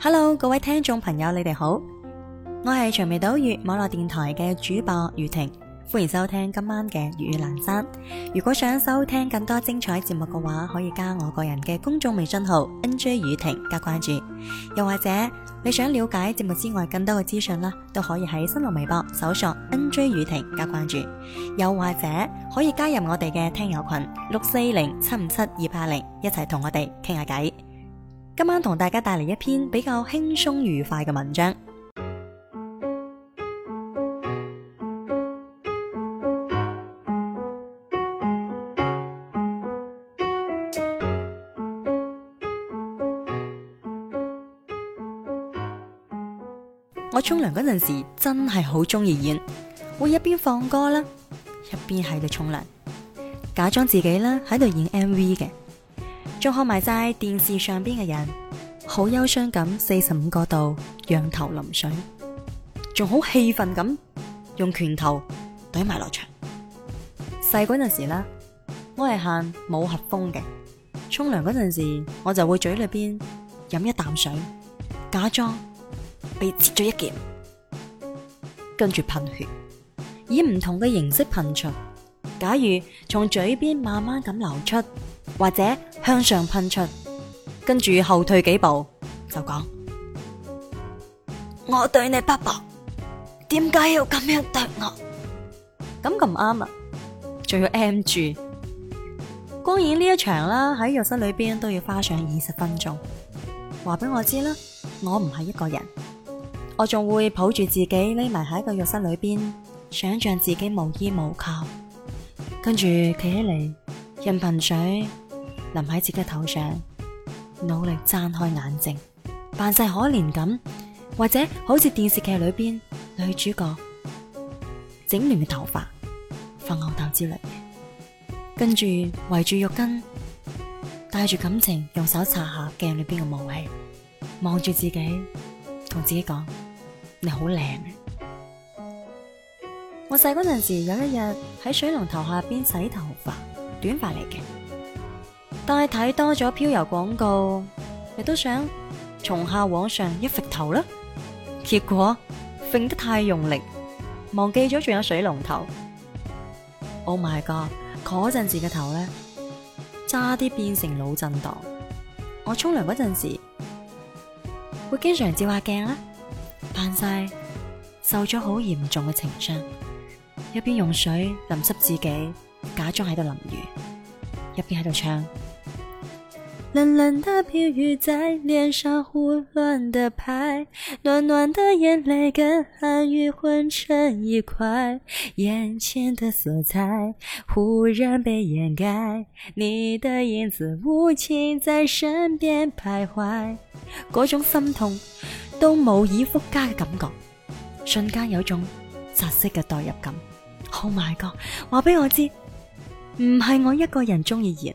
Hello，各位聽眾朋友，你哋好，我係長尾島月網絡電台嘅主播雨婷。余歡迎收聽今晚嘅粵語闌珊。如果想收聽更多精彩節目嘅話，可以加我個人嘅公眾微信號 N J 雨婷加關注。又或者你想了解節目之外更多嘅資訊啦，都可以喺新浪微博搜索 N J 雨婷加關注。又或者可以加入我哋嘅聽友群六四零七五七二八零，80, 一齊同我哋傾下偈。今晚同大家帶嚟一篇比較輕鬆愉快嘅文章。我沖涼嗰陣時真係好中意演，會一邊放歌啦，一邊喺度沖涼，假裝自己啦喺度演 MV 嘅，仲看埋晒電視上邊嘅人，好憂傷咁四十五個度仰頭淋水，仲好氣憤咁用拳頭懟埋落牆。細嗰陣時啦，我係行武俠風嘅，沖涼嗰陣時我就會嘴裏邊飲一啖水，假裝。被切咗一劍，跟住噴血，以唔同嘅形式噴出。假如從嘴邊慢慢咁流出，或者向上噴出，跟住後退幾步就講：我對你不薄，點解要咁樣對我？咁咁唔啱啊！仲要 NG 住，光演呢一場啦，喺浴室裏邊都要花上二十分鐘。話俾我知啦，我唔係一個人。我仲會抱住自己，匿埋喺一個浴室裏邊，想象自己無依無靠，跟住企起嚟，任憑水淋喺自己頭上，努力睜開眼睛，扮晒可憐咁，或者好似電視劇裏邊女主角，整亂嘅頭髮，發吽哣之類，跟住圍住浴巾，帶住感情，用手擦下鏡裏邊嘅霧氣，望住自己，同自己講。你好靚啊！我細嗰陣時有一日喺水龍頭下邊洗頭髮，短髮嚟嘅，但係睇多咗飄柔廣告，亦都想從下往上一甩頭啦。結果甩得太用力，忘記咗仲有水龍頭。Oh my god！嗰陣時嘅頭咧，差啲變成腦震盪。我沖涼嗰陣時，會經常照下鏡啦。冰晒，受咗好嚴重嘅情傷，一邊用水淋濕自己假裝喺度淋雨，一邊喺度唱冷冷的冰雨在臉上胡亂的拍，暖暖的眼淚跟寒雨混成一塊，眼前的色彩忽然被掩蓋，你的影子無情在身邊徘徊，那種心痛都無以復加嘅感覺，瞬間有種窒息嘅代入感。Oh my God，話俾我知，唔係我一個人中意演。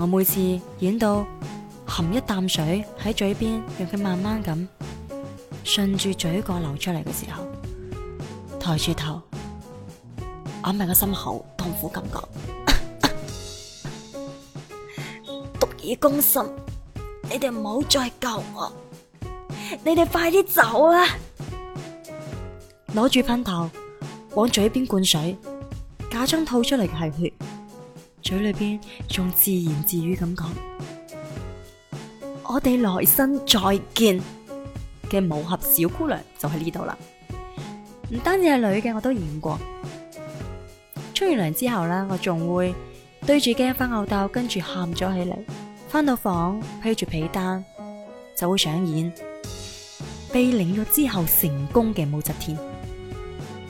我每次演到含一啖水喺嘴邊，讓佢慢慢咁順住嘴角流出嚟嘅時候，抬住頭，揞埋個心口痛苦感覺，毒已攻心，你哋唔好再救我，你哋快啲走啊！攞住噴頭往嘴邊灌水，假裝吐出嚟嘅係血。嘴裏邊仲自言自語咁講，我哋來生再見嘅武俠小姑娘就喺呢度啦。唔單止係女嘅，我都演過。沖完涼之後呢，我仲會對住鏡翻吽斗，跟住喊咗起嚟。翻到房披住被單，就會上演被凌辱之後成功嘅武則天，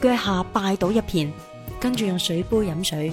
腳下拜倒一片，跟住用水杯飲水，